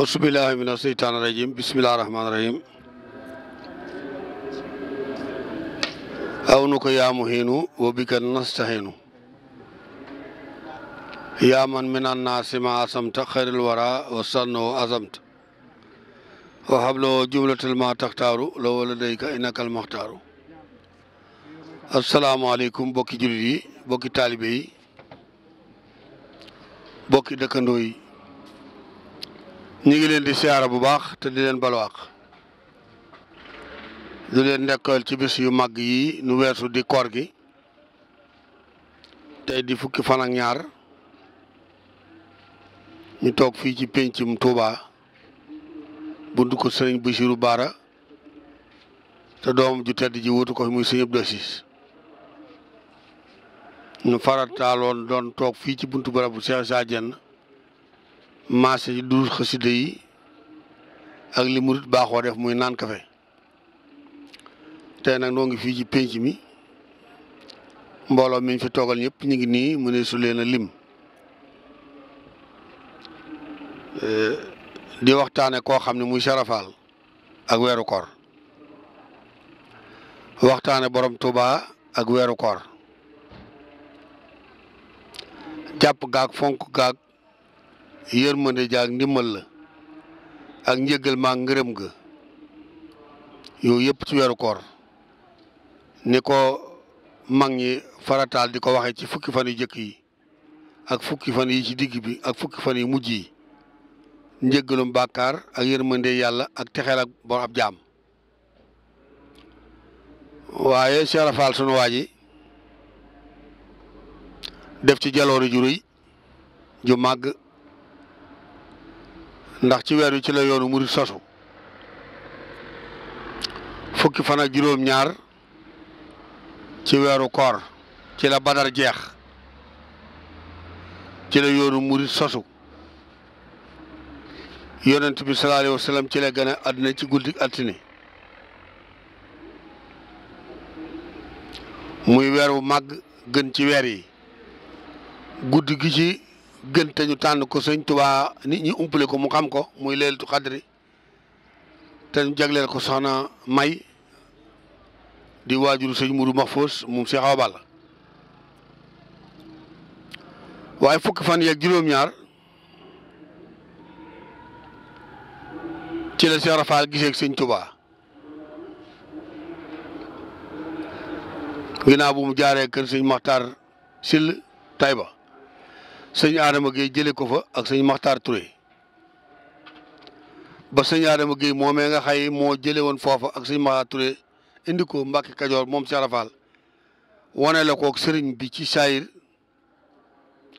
أعوذ بالله من الشيطان الرجيم بسم الله الرحمن الرحيم عونك يا مهين وبك نستعين يا من من الناس ما أسمت خير الورى وصلنا أزمت وهب له جملة ما تختار لو لديك إنك المختار السلام عليكم بوكي جلدي بوكي طالبي بوكي دكندوي ñi ngi leen di siyaara bu baax te di leen balwaaq di leen nekkal ci bis yu mag yi nu weesu di koor gi tey di fukki fan ak ñaar ñu toog fii ci pencim Touba buntu ko sëriñ Bara te doom ju tedd ji wutu ko muy sëñ Abdou Aziz ñu farataaloon doon toog fii ci buntu barabu Cheikh Sa maase yi du xasida yi ak li murit baaxoo def muy naan kafe tey nag ngi fii ci pénc mi mbooloo mi fi toogal ñëpp ñu ngi nii mu ne suleena leen a lim di waxtaane koo xam ne muy sarafaal ak weeru koor waxtaane borom Tuuba ak weeru koor jàpp gaag fonk gaag yermane jaak ak ndimmal la ak ñeegal ma ngeerem ga yo yep ci weeru koor niko ko mag ñi farataal di ko ci fukki fan yu yi ak fukki fan yi ci digg bi ak fukki fan yu mujj yi ak yermande yalla ak taxel ak bor ab jaam waye Cheikh Fall sunu waji def ci jaloori ju ju mag ndax ci weer wi ci la yoonu murit sosu fukki fan ak juróom-ñaar ci weeru koor ci la badar jeex ci la yoonu murit sosu yonent bi sallallahu alayhi wa ci la gën a àddina ci guddi altine muy weer wu màgg gën ci weer yi guddi gi ci gën te ñu tànn ko sëñ Tuubaa nit ñi umpale ko mu xam ko muy leelatu xadri te ñu jagleel ko soxna May di waajuru sëñ Mourou Mahfous moom Cheikh Awa Balla waaye fukki fan yeeg juróom-ñaar ci la Cheikh Rafaal gisee ak sëñ Tuubaa ginnaaw bu mu jaaree kër sëñ Maxtaar Sill Tayba sëñ Adama Gueye jëlee ko fa ak sëñ Makhtar Touré ba sëñ Adama Gueye moomee nga xay moo jëlee woon foofa ak sëñ Makhtar Touré indi ko Mbacke Kajoor moom Cheikh Rafal wane la koog sëriñ bi ci saayir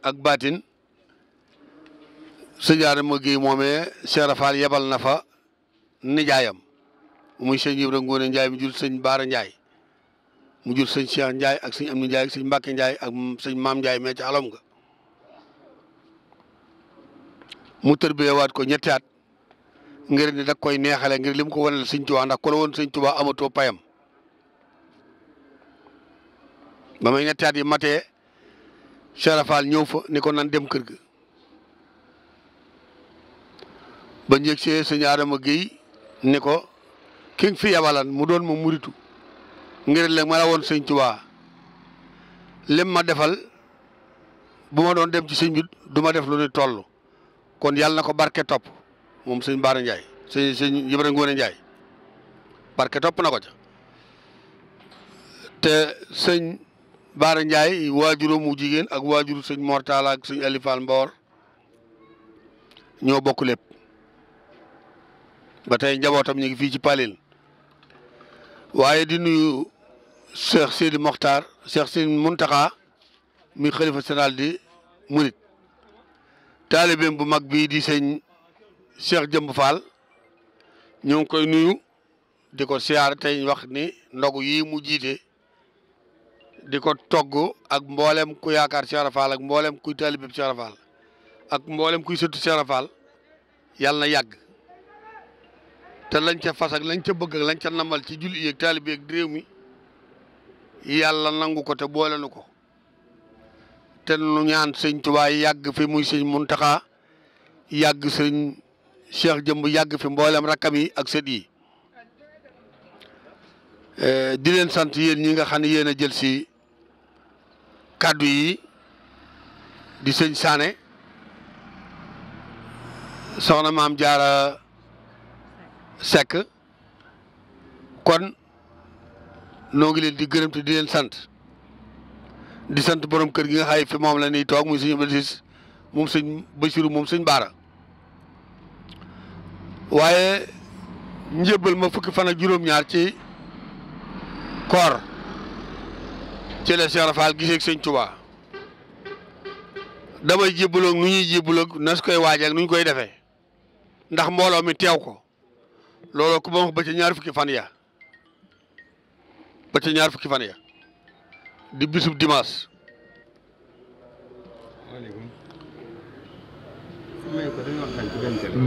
ak baatin sëñ Adama Gueye moomee Cheikh yebal na fa nijaayam muy sëñ Ibra Ngoone Njaay mu jur sëñ Baara Njaay mu jur sëñ Cheikh Njaay ak sëñ Amdi Njaay ak sëñ Mbacke Njaay ak sëñ Maam Njaay mee alom nga mu waat ko ñetti at ngir ne da koy neexale ngir lim ko wanal sëñ Tuubaa ndax la woon sëñ Tuubaa amatoo payam ba may ñetti at yi matee Serafal ñëw fa ni ko nan dem kër ga ba njëg see sëñ Adama ni ko ki nga fi yabalan mu doon ma muritu ngir léegi ma la woon lim ma defal bu ma doon dem ci sëñ bi du ma def lu ni toll kon yàlla na ko barke topp moom sëñ Baara Ndiaye sëñ sëñ Ibra Ngoone Ndiaye barke topp na ko ca te sëñ Baara Ndiaye waajuram mu jigéen ak waajuru sëñ Mortala ak sëñ Alifal Mbawar ñoo bokk lépp ba tey njabootam ñu ngi fii ci Palil waaye di nuyu Cheikh Sidi Mokhtar Cheikh Sidi Mountakha mi xalifa général di murit taalibeem bu mag bii di sëñ Cheikh Jëmb Fall ñu ngi koy nuyu di ko siyaar tey wax ni ndogu yi mu jiite di ko togg ak mboolem ku yaakaar Cheikh ak mboolem kuy taalibeem Cheikh ak mboolem kuy sëtu Cheikh Fall yàlla yàgg te lañ ca fas lañ ca bëgg lañ ca namal ci julli yeeg taalibe yeeg réew nangu ko te boole ko te nu ñaan sëñ Tuubaa yàgg fi muy sëñ Muntaxa yàgg sëñ Cheikh Jëmb yàgg fi mboolem rakkam yi ak sët yi eh, di leen sant yéen ñi nga xam ne yéen a jël si kàddu yi di sëñ Sané soxna maam jaara sekk kon noo leen di gërëmt te di leen sant di sant borom kër gi nga xay fi moom la ñuy toog mu suñu Abdulaziz moom sëñ Basiru moom sëñ Baara waaye njëbbal ma fukki fan ak juróom-ñaar ci koor ci la Cheikh Rafal gisee ak sëñ Tuubaa damay jébbaloog nu ñuy jébbaloog na koy waajee ak nu ñu koy defee ndax mbooloo mi teew ko looloo ku ma wax ba ca ñaar fukki fan ya ba ca ñaar fukki fan ya di bisub dimas,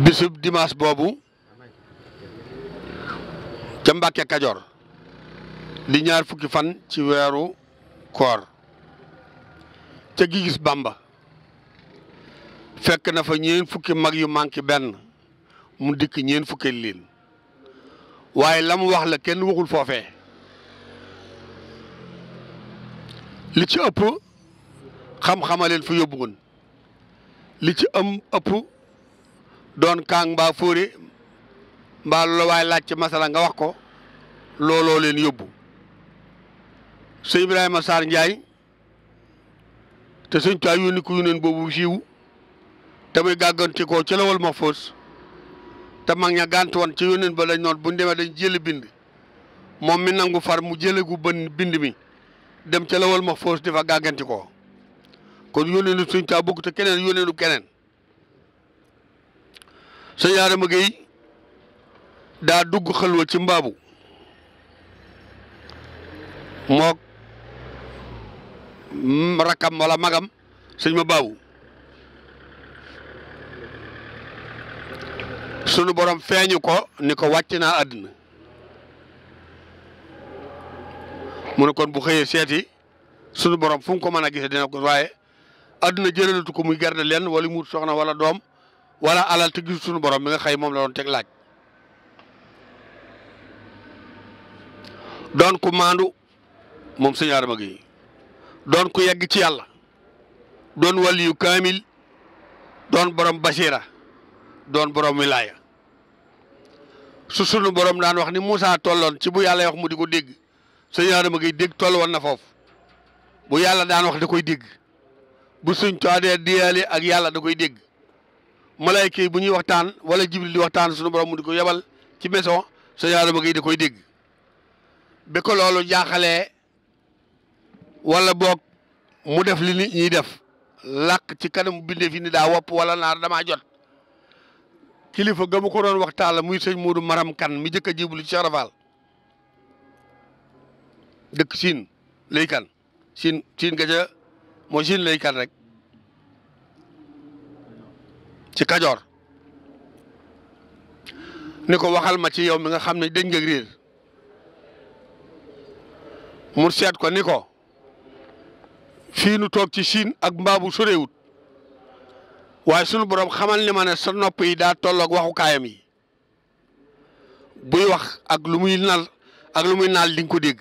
bisub dimas bobu ca Mbàkke kajor di ñaar fukki fan ci wéru koor ca gi gis Bàmba fekk na fa ñeen fukki mag yu manki ben mu dik ñeen fukki waye lam wax la kenn waxul fofé li ci ëpp xam-xama leen fi li ci am ëpp doon kaang mbaa fóore mbaa lu waay laaj ci masala nga wax ko looloo leen yóbbu sëñ Ibrahima Sarr Ndiaye te sëñ Tuubaa yónni ko yónneen boobu siiw te muy gàgganti ko ci lawal ma foos te mag ña gànt woon ci yónneen ba lañ noon buñ demee dañ jëli bind moom mi nangu far mu jële gu bën bind mi dem ca lawal mahfuus di a gàgganti ko kon yónnee nu sëñ taa bokk te keneen yónnee nu keneen sëñ Adama daa dugg xalwa ci mbaabu mook rakkam wala magam sëñ ma baabu sunu borom feeñu ko ni ko wàcc naa àddina mu ne kon bu xëyee seeti suñu borom fu mu ko mën a gisee dina ko waaye ko muy garde lenn wala mu soxna wala doom wala alal te gisul suñu borom mi nga xëy moom la doon teg laaj. doon ku maandu moom Don Adama gi doon ku yegg ci yàlla doon waliyu kaamil doon borom basira Don borom wilaya su suñu borom daan wax ni Moussa tolloon ci bu yàlla wax mu di ko sëñ ma Gueye dégg toll woon na foofu bu yàlla daan wax da koy dégg bu suñ toadee diyaale ak yàlla da koy dégg malayka yi bu ñuy waxtaan wala jibril di waxtaan suñu borom mu di ko yebal ci maison sëñ ma Gueye da koy dégg bi ko loolu jaaxalee walla boog mu def li ñuy def lakk ci kanam bindee fi ni daa wopp wala naar damaa jot kilifa ga mu ko doon waxtaan la muy sëñ Modou Maram Kan mi jëkk a jiblu ci Cheikh dëkk siin laykan siin siin gaja mooy siin laykan rek ci kajoor ni ko waxal ma ci yow mi nga xam ne dañ nga riir mu seet ko ni ko fii nu toog ci siin ak mbaabu sorewut waaye sunu borom xamal ni ma ne sa nopp yi daa tolloog waxukaayam mi buy wax ak lu muy nal ak lu muy naal di nga ko dégg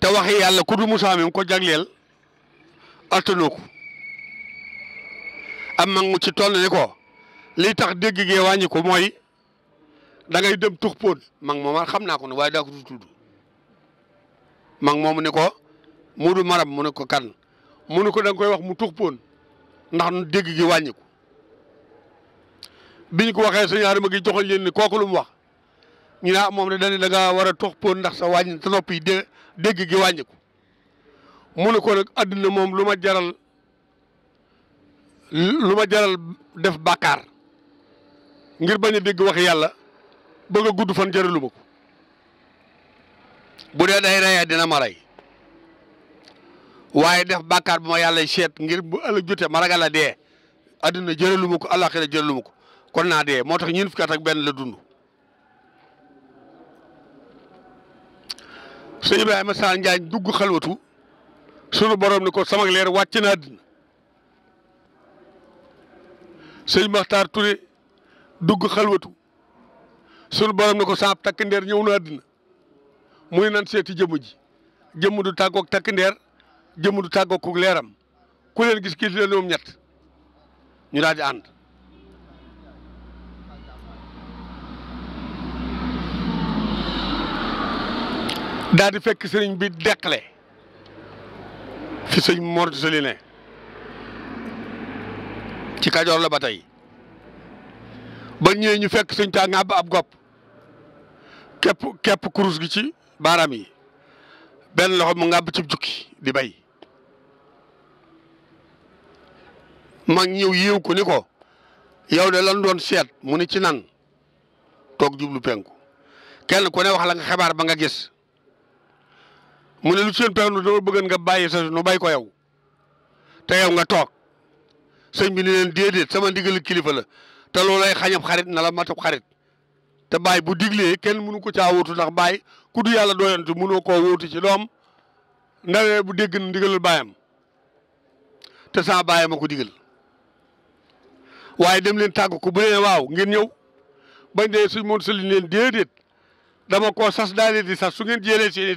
te waxi yalla ku du Moussa mi ko jagleel attanoo ko am mag mu ci toll ni ko li tax dégg ge wañi ko moy da ngay dem tux mang moma xamna ko way da ko tudd mang moomu ne ko mu marab mu ne ko kan mu ne ko dang koy wax mu tux ndax dégg ge wañi ko biñ ko waxe sa ma gi joxal len ni lu wax ñu ne ah dañ da nga wara ndax sa wañi nopi de dégg gi wàññiku mu ne ko nag àdduna moom lu jaral luma jaral def bakar ngir bañ a wax yalla bëgg a gudd fan jaralu ma ko bu day raya dina ma def bakar bu ma ngir bu ala jotté ma ragal a dee àdduna jaralu ma ko àllaaxira jaralu ma ko kon na dee motax ñun fukat ak ben la dundu sëñ Ibrahima Sall Njaañ dugg xalwatu sunu borom ni ko sama leer wàcc na àddina sëñ Maxtaar Touré dugg xalwatu sunu borom ni ko saab takk ndeer ñëw na àddina mu ne nan seeti jëmm ji jëmm du tàggoog takk ndeer du tàggoog leeram ku leen gis leen ñoom ñett ñu daal di daal fekk sëriñ bi deqale fi sëñ Mor Sali ci Kajoor la ba tey ba ñëwee ñu fekk sëñ taa ngàbb ab gopp képp kurus gi ci baaraam yi benn loxo mu ngàbb ci jukki di bay mag ñëw yéew ko ni ko yow de lan doon seet mu ni ci nan toog jublu penku kenn ku ne wax la nga xibaar ba nga gis mu ne lu seen pexe nu dama bëggoon nga bàyyi sa nu bay ko yow te yow nga toog sëñ bi ni leen déedéet sama ndigalu kilifa la te loolay xañab xarit na la matab xarit te baay bu diglee kenn mënu ko caa wóotu ndax baay ku du yàlla doyantu mënoo koo wóotu ci doom ndawee bu dégg ndigalul baayam te saa baayam ma ko digal waaye dem leen tàggu ko bu ne waaw ngeen ñëw bañ dee suñ moon sëliñ leen déedéet dama koo sas daal di sas su ngeen jëlee seeni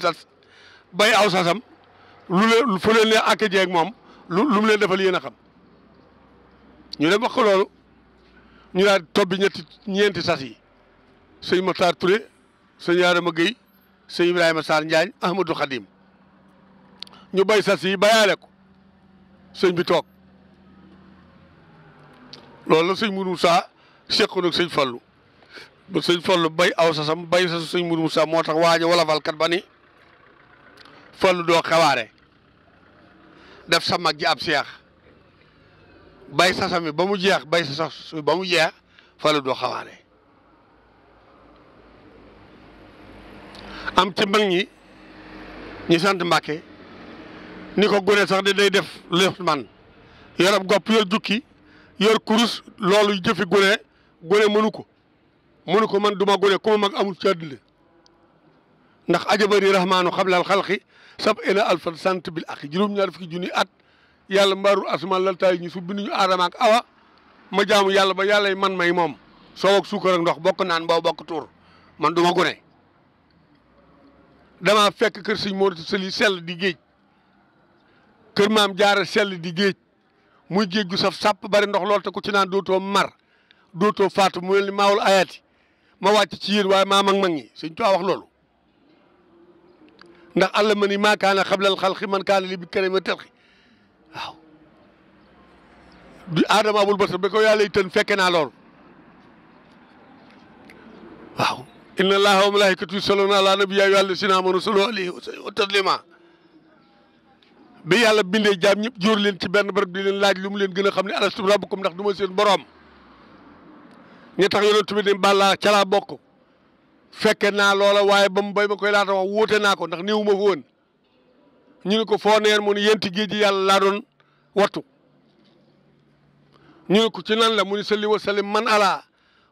bay aw sasam lu leen fu leen leen ak jeeg moom lu lu mu leen defal yéen a xam ñu dem wax loolu ñu daal tobbi ñetti ñeenti sas yi sëñ Makhtar Touré sëñ Yaarama Guèye sëñ Ibrahima Sarr Njaañ Ahmadou Khadim ñu bay sas yi bayaale ko sëñ bi toog loolu la sëñ Mourou Moussa seqoon ak sëñ Fallou ba sëñ Fallou bay aw sasam bay sasu sëñ Mourou Moussa moo tax waaño walafalkat ba ni fallu doo xawaare def sa mag ji ab seex bay sa ba mu jeex bay sa ba mu jeex fallu doo xawaare am ci mag ñi ñu sant Mbàkke ni ko gone sax di day def lépp man yorab gopp yor jukki yor kurus loolu jëfi gone gone mënu ko mënu ko man duma gone ku ma mag amul ci ndax ajabari qabla al khalqi sab ila alf sant bil akhi jurum ñaar fi juni at yalla mbaru asma lal tay ñu su ñu ak awa ma jaamu yalla ba yalla man may mom soow ak sukkar ak ndox bok naan boo bok tour man duma ma gune dama fekk keur seigne modou seli sel di geej keur mam jaara sel di geej muy geej gu saf sap bari ndox lol te ku ci naan doto mar doto fatu mu ni mawul ayati ma wacc ci yéen way ma mag mag ni seigne wax lolou ndax allah ma ni maa kaana xablal xalqi man kaana li bi karima telxi waaw du aadama abul basar ba ko yàlla itam fekke naa loolu waaw inna allaha wa malaikatu yusalluna ala nabiyyi ayyuha allazina amanu sallu alayhi wa sallimu taslima bi yàlla bindee jaam ñëpp jóor leen ci benn barab di leen laaj lu mu leen gën a xam ne alastu rabbukum ndax du ma seen boroom ñi tax yonent bi ne bàllaa ca laa bokk fekke naa loola waaye ba mu bay ma koy laata wax wuute naa ko ndax néew ma fa woon ñu ko foo neen mu ne yéen ci yàlla laa doon wattu ñu ko ci nan la mun ne salli wa sallim man ala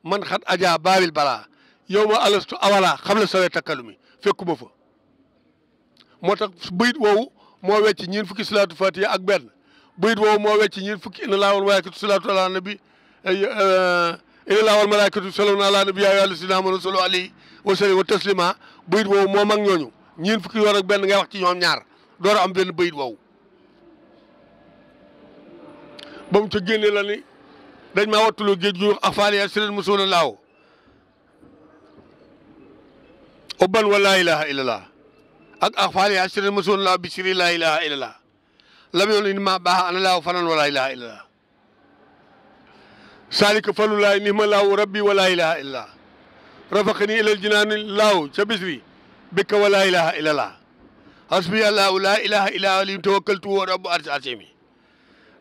man xat ajaa baabil balaa yow ma alastu awala xam la sawee takkalu mi fekkuma fa moo tax bayit woowu moo wecc ñeen fukki salaatu fatiha ak benn bayit woowu moo wecc ñeen fukki ina laawoon waaye ki salaatu ala nabi euh, illa wal malaikatu salawna ala nabiyyi ya wa sallimu wa taslima bayit woowu moom ak ñooñu ñeen fukki yoon ak benn ngay wax ci ñoom ñaar door am benn bayit woowu ba mu ca génne la ni dañ maa wattuloo géej gi wax afaaliya sirin musuuna laaw ubban wa laa ilaha illallah ak afaaliya sirin musuuna laaw bi siri laa ilaha lam yoon in maa baax ana laaw fanan wa laa ilaha saalika falulaay ni ma laaw rabbi wala ilaha illa rafaqani ilal jinaani laaw ca bis bi bikka wala ilaha illa laa hasbi allahu laa ilaha illa alim tawakkaltu wa rabbu arsi asimi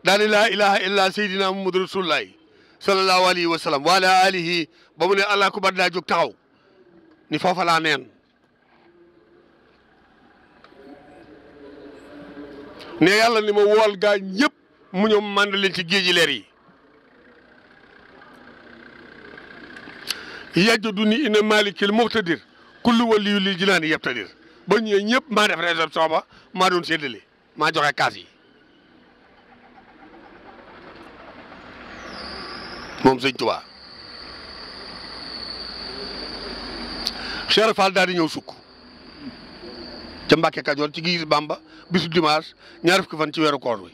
daani laa ilaha illa seydina muhammadu rasulullahi sallallahu alayhi wa sallam wa ala alihi ba mu ne allah ku bar daa jóg taxaw ni foofa laa neen ne yàlla ni ma wool gaa ñëpp mu ñëw mànd leen ci géeji leer yi yajjadu ni ina malikil muxtadir kullu waliyu lil jinaani yabtadir ba ñëwee ñëpp maa def réception ba maa doon séddale maa joxe kaas yi moom sëñ Tuubaa Cheikh Fall daal di ñëw sukk ca Mbàkke Kajoor ci giir Bamba bisu dimanche ñaar fukki fan ci weeru koor wi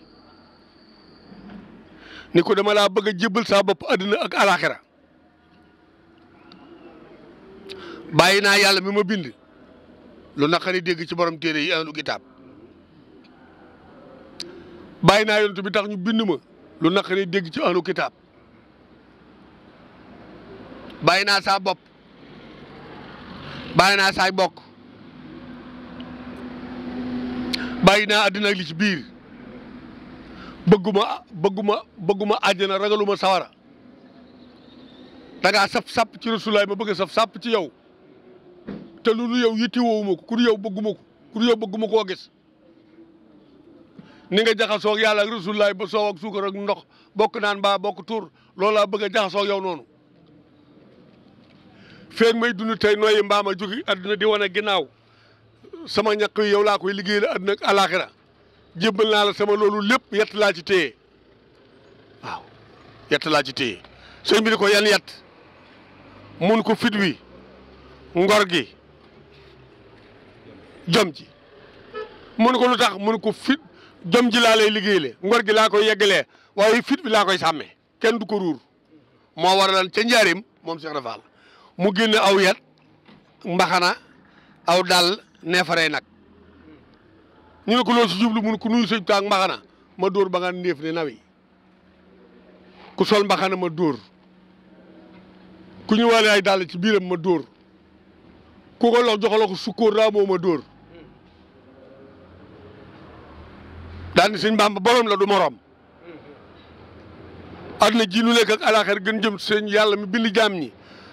ni ko dama laa bëgg a jébbal saa bopp àddina ak alaxira bàyyi naa yàlla mi ma bind lu naqari dégg ci borom téere yi ahlu kitaab bàyyi naa yonent bi tax ñu bind ma lu naqari dégg ci ahlu kitaab bàyyi naa saa bopp bàyyi naa saay bokk bàyyi naa àddina li ci biir bëgguma bëgguma bëgguma àjjana ragaluma sawara da sap saf sàpp ci rasulaay ma bëgg saf sàpp ci yow te loolu yow yittiwoowuma ko kur yow bëgguma ko kur yow bëgguma koo gis ni nga jaxasoo ak yàlla ak rasulullaay ba soow ak suukar ak ndox bokk naan baa bokk tuur loolaa bëgg a jaxasoo yow noonu feeg may dund tey nooyi mbaama jógi adduna di wane ginnaaw sama ñaq yi yow laa koy liggéey la adduna ak alaxira jébbal naa la sama loolu lépp yat laa ci téye waaw yett laa ci téye sëñ ko yan yat mun ko fit wi ngor gi jom ji mun ko lu tax mun ko fit jom ji laa lay liggéeyale ngor gi laa koy yeggalee waaye fit bi laa koy sàmmee kenn du ko ruur moo war ca njaarim moom Cheikh Rafal mu génn aw yat mbaxana aw dal neefaree nag ñu ne ko loolu si mun ko nuyu sëñ taak mbaxana ma dóor ba nga néef ne nawi ku sol mbaxana ma dóor ku ñu ñëwaale ay dàll ci biiram ma dóor ku ko lox joxaloo ko sukkóor moo ma dóor daal ni sëñ Bàmba borom la du morom àdduna ji lu nekk ak alaaxir gën jëm sëñ yàlla mi bind jaam ñi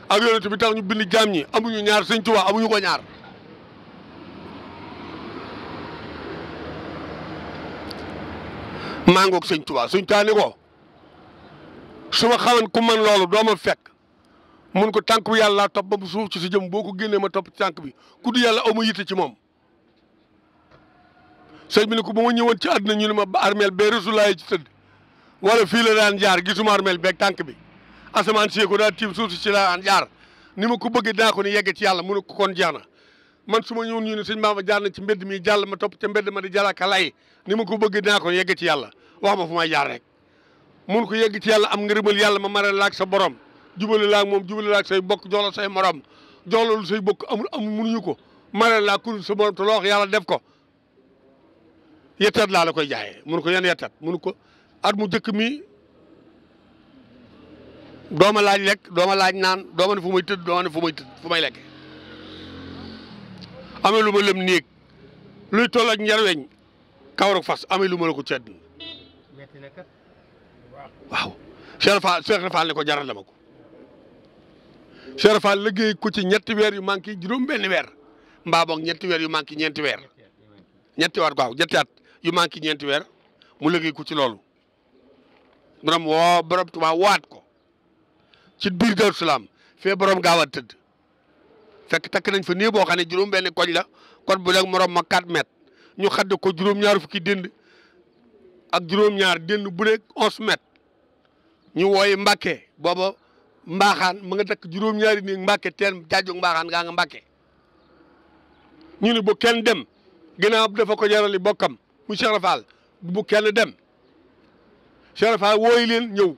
ak yonent bi tax ñu bind jaam ñi amuñu ñaar sëñ Tuubaa amuñu ko ñaar maa ngoog sëñ Tuubaa sëñ Tuubaa ni ko su ma xaman ku man loolu doo ma mun ko tànk bi yàlla laa topp ba mu suuf ci si jëm boo ko génnee ma topp ci bi ku di yàlla amu ci moom sëñ bi ne ko ba ma ñëwoon ci àdduna ñu ne ma armeel bee rasulaay ci tëdd wala fii la daan jaar gisuma armeel beeg tànk bi asamaan si ko daal tiim suuf si ci la daan jaar ni ma ko bëggee dinaa ko ni yegg ci yàlla mu ne ko kon jeex man su ma ñëwoon ñu ne sëñ Bamba jaar ci mbedd mi jàll ma topp ca mbedd ma di jala lay ni ma ko bëggee dinaa ko yegg ci yàlla wax ma fu may jaar rek mun ku yegg ci yàlla am ngërëmal yàlla ma mara laak sa borom jubale laak moom jubale laak say bokk jox la say morom jox la lu say bokk amul amul mënuñu ko mara laak ku sa borom loo yàlla def ko yettat laa la koy jaayee mun ko yan yettat mun ko at mu jëkk mi dooma laaj lekk dooma laaj naan dooma ne fu may tëdd dooma ne fu may tëdd fu may lekk amee lu ma lëm néeg luy toll ak njarweñ kawaruk fas amee lu ma la ko cedd waaw Cheikh Fall Cheikh Fall ne ko jaral la ma ko Cheikh Fall liggéey ko ci ñetti weer yu manqué juróom benn weer mbaa boog ñetti weer yu manqué ñeenti weer ñetti waat waaw ñetti at yu manki ñent weer mu liggey ku ci loolu borom wo borom tuba waat ko ci bir Daaru Salaam fe borom gaaw a tëdd fekk tak nañ fa ne bo xane juroom ben koñ la kon bu dee morom ma 4 met ñu xadd ko juroom ñaar fukki dënd ak juroom ñaar dënd bu nekk 11 met ñu woy mbacké bobo mbaaxaan ma nga tak juroom ñaar ni mbacké ten jaajog mbaaxaan nga nga mbacké ñu ni bu kenn dem ginnaaw dafa ko jarali bokkam mu Cheikh bu kenn dem Cheikh Rafal wooyu leen ñëw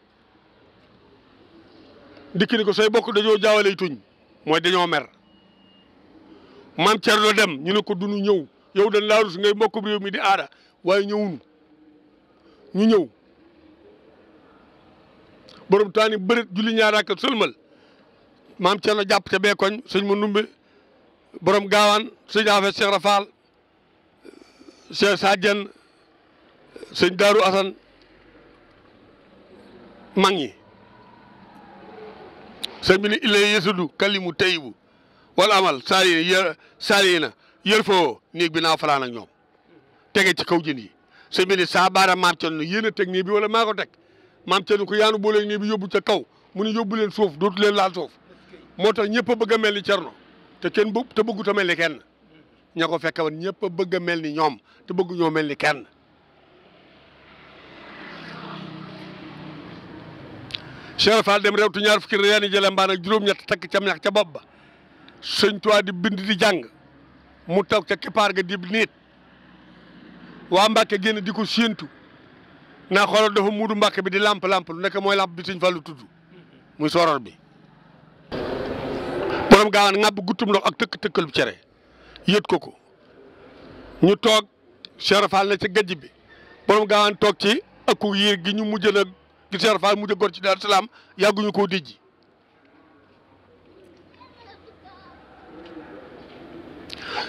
dikk ni ko sooy bokk dañoo jaawale tuñ mooy dañoo mer maam Thierno dem ñu ne ko dunu ñëw yow dañ laa rus ngay mbokk réew mi di aada waaye ñëwunu ñu ñëw borom taani bërit julli ñaar ak sëlmal maam Thierno jàpp ca beekoñ sëñ ma numbe borom gaawaan sëñ affaire Cheikh Rafal Cheikh Sadiane sëñ Daaru Asan mag ñi sëñ bi ni illee yesudu kalimu tayibu wala amal saari yë saari na yër foo néeg bi naa falaan a ñoom tege ci kaw jën yi sëñ bi ni saa baara maam Cerno yéen a teg néeg bi wala maa ko teg maam Cerno ko yaanu boole néeg bi yóbbu ca kaw mu ni yóbbu leen suuf dootu leen laal suuf moo tax ñëpp a bëgg a mel ni Cerno te kenn bu te mel ni kenn ñako fekk won ñepp bëgg melni ñom ni te bëgg ñoo melni ni kenn cheikh fall dem rewtu ñaar fukki reeni jële mbaan ak juroom ñett tak ci ñax ci bopp ba sëñ di bind di jang mu tok ci kipar ga dib nit wa mbacke genn di ko séentu naa dafa mudu mbacke bi di lamp lamp lu nek moy lamp bi seigne fallu tuddu muy soror bi borom ak bu cere yit koko, nyutok ñu tok Cheikh Fall na ci gajj bi borom gawan tok ci akku yir gi ñu mujjel ak gi Cheikh Fall mujj gor ci Daaru Salaam yàgguñu ko dijji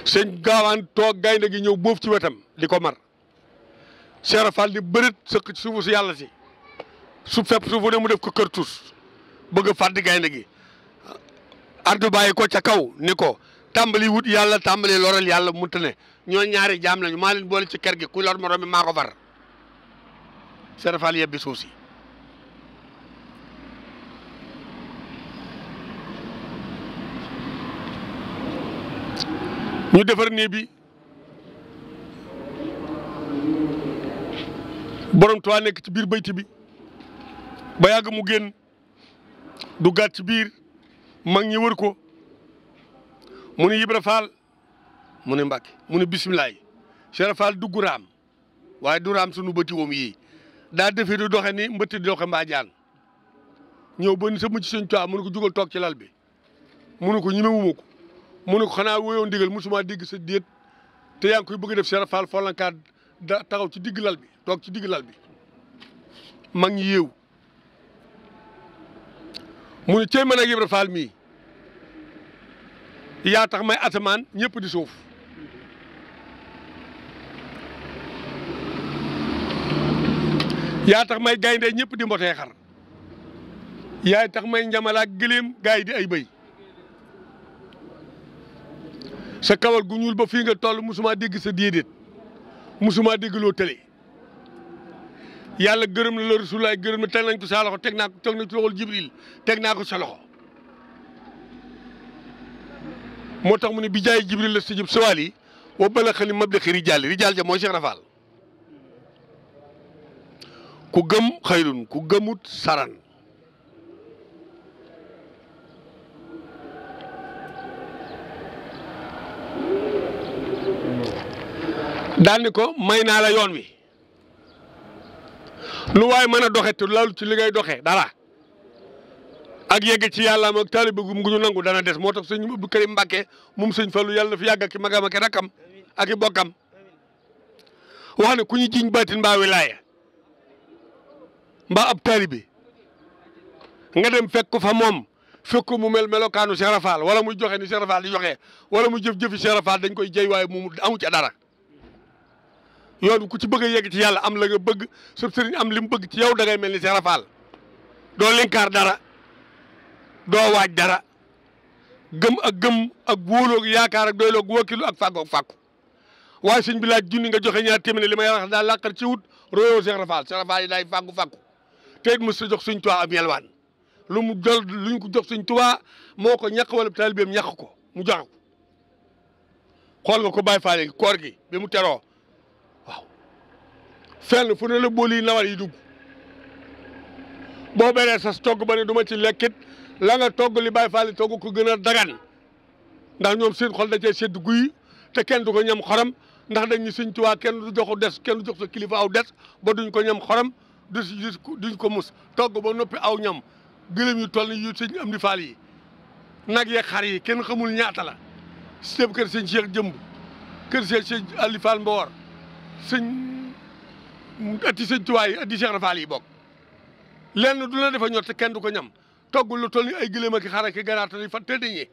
sëñ gawan tok gaynde gi ñew boof ci wetam di mar Cheikh Fall di beurit sekk ci suufu yalla ci su fepp suufu ne mu def ko keur tus bëgg fàdd gaynde gi ardu baye ko ca kaw niko tàmbali wut yàlla tàmbali loral yàlla munta ne ñoo ñaari jaam lañu maa leen boole ci ker gi ku lor morom mi maa ko far serafal yebbi suuf si ñu defar néeg bi borom tuwaa nekk ci biir bayti bi ba yàgg mu génn du gàtt ci biir mag ñi wër ko muni ni Ibra Fall mu ni Mbacke Cheikh Fall du gouram waye du ram sunu beuti wom yi da defi du doxe ni mbeuti di doxe mbaa jaan ñëw ba ni sa mucc sëñ Tuubaa muni ko jugal tok ci lal bi muni ko ñime wumuko muni ko xana woyo ndigal musuma dégg sa déet te yang koy bëgg def Cheikh Fall taxaw ci digg lal bi tok ci digg lal bi mag muni cey man ak Fall mi Ya tax may asamaan ñepp di suuf ya tax may gaynde ñepp di mbotee xar yaay tax may ñamala gëléem gaay di ay bay sa kawal gu ñul ba fi nga toll musuma dégg sa déedéet musuma dégg lo tële yalla gërëm na la rasulallah gërëm na nañ ko sa loxo ko jibril tek na ko sa moo tax mu ne bi jaay jibril la sijib siwaal yi wa balaxali mablaxi rijaal yi rijaal ja mooy Cheikh Rafal ku gëm xayrun ku gëmut saran daal ko may naa la yoon wi lu waay mën a doxe te loolu ci li ngay doxe dara ak yegg ci yàllaam ak talib gum gu nangu dana des motax tax sëñ Abdou Karim Mbàkke moom sëñ Fallu yalla fi yàgg ak magama magam rakam ak i bokkam wax ne ku ñu jiñ batin ba wilaya mba ab taalibe nga dem fekk fa mom fekk mu mel melokaanu Cheikh Rafal wala mu joxe ni Cheikh Rafal di joxe wala mu jëf jëf Cheikh Rafal dañ koy jey way mu amu ci dara yoon ku ci bëgg yegg ci yalla am la nga bëgg am lim bëgg ci yow da ngay melni Cheikh Rafal dara doo waaj dara gëm ak gëm ak wóoloog yaakaar ak doyloog wóokilu ak fàggu ak fàggu waaye sëñ bi laaj junni nga joxe ñaar téeméer li may wax daal làqar ci wut royo Cheikh Rafal Cheikh Rafal yi daay fàggu fàggu te it jox suñ tuwaa am yelwaan lu mu jël luñ ko jox suñ tuwaa moo ko ñàkk wala taalibeem ñàkk ko mu jox ko xool ko bàyyi koor gi bi mu teroo waaw fenn fu ne la booli nawar yi dugg boo beree sas togg ba ne du ma ci lekkit la nga togg li Baay Faal togg ko gën a dagan ndax ñoom seen xol da cee sedd guy te kenn du ko ñam xorom ndax dañ ñu Sëñ Tuubaa kenn du joxu des kenn du jox sa kilifa aw des ba duñ ko ñam xorom du duñ ko mus togg ba noppi aw ñam gëlëm yu yu sëñ am di faal yi nag yeeg xar yi kenn xamul ñaata la sëb kër sëñ Cheikh Jëmb kër sëñ sëñ Ali Fall Mbawar sëñ atti sëñ Tuubaa yi atti Cheikh yi bokk lenn du la defa ñor te kenn du ko ñam togg lu toll ni ay gëléem ak xar ak ganaar di fa tëddiñee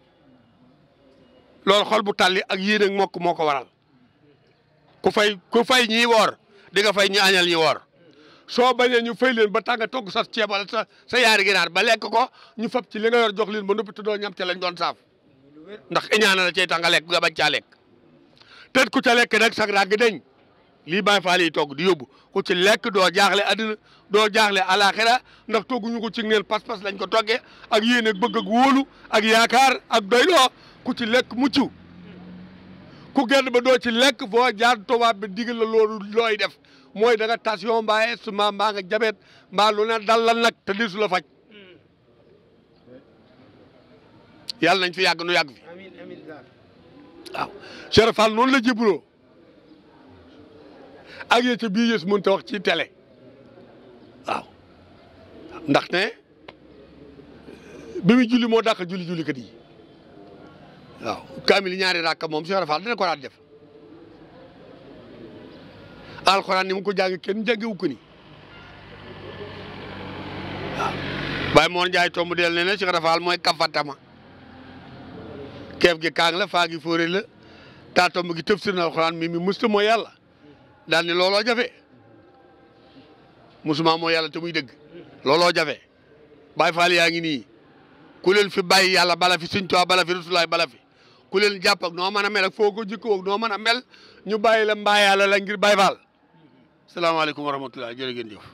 loolu xol bu tàlli ak yéen ak mokk moo ko waral ku fay ku fay ñiy woor di nga fay ñu añal ñi woor soo bañee ñu fay leen ba tànga togg sa ceeb wala sa sa yaari ginaar ba lekk ko ñu fab ci li nga yor jox leen ba noppi doo ñam ca lañ doon saaf ndax iñaana la cay tànga lekk nga bañ caa lekk tët ku ca lekk keneen sag ràgg deñ lii Baay Faal yi togg di yóbbu ku ci lekk doo jaaxle àddina doo jaaxle alaxira ndax togguñu ko ci neen pas-pas lañ ko toggee ak yéen ak bëgg ak wóolu ak yaakaar ak doyloo ku ci lekk mucc ku genn ba doo ci lekk foo jaar tubaab bi digal la loolu looy def mooy da nga tension mbaa estomac mbaa nga jabet mbaa lu ne dal la nag te disu la faj yàlla nañ fi yàgg nu yàgg fi waaw Cheikh Fall noonu la jébuloo ak yéen ca bii yées wax ci tele waaw ndax ne bi muy julli moo dàq julli jullikat yi waaw kaamil ñaari rakka moom Cheikh Rafal dina ko daan def alxuraan ni mu ko jàng kenn jàngewu ko ni waaw Baye Mor Ndiaye tomb del ne ne Cheikh mooy kafatama keef gi kaang la faa gi fóore taa tomb gi tëf alxuraan mi musta mooy yàlla daal ni looloo jafe musuma moo yàlla te muy dëgg looloo jafe Baay Faal yaa ngi nii ku fi bàyyi yàlla bala fi Sëñ Tuubaa bala fi Rasulaay bala fi ku leen jàpp noo mën a mel ak foo ko noo mën a mel ñu bàyyi la mbaayaale la ngir Baay Faal salaamaaleykum wa rahmatulah jërë ngeen jëf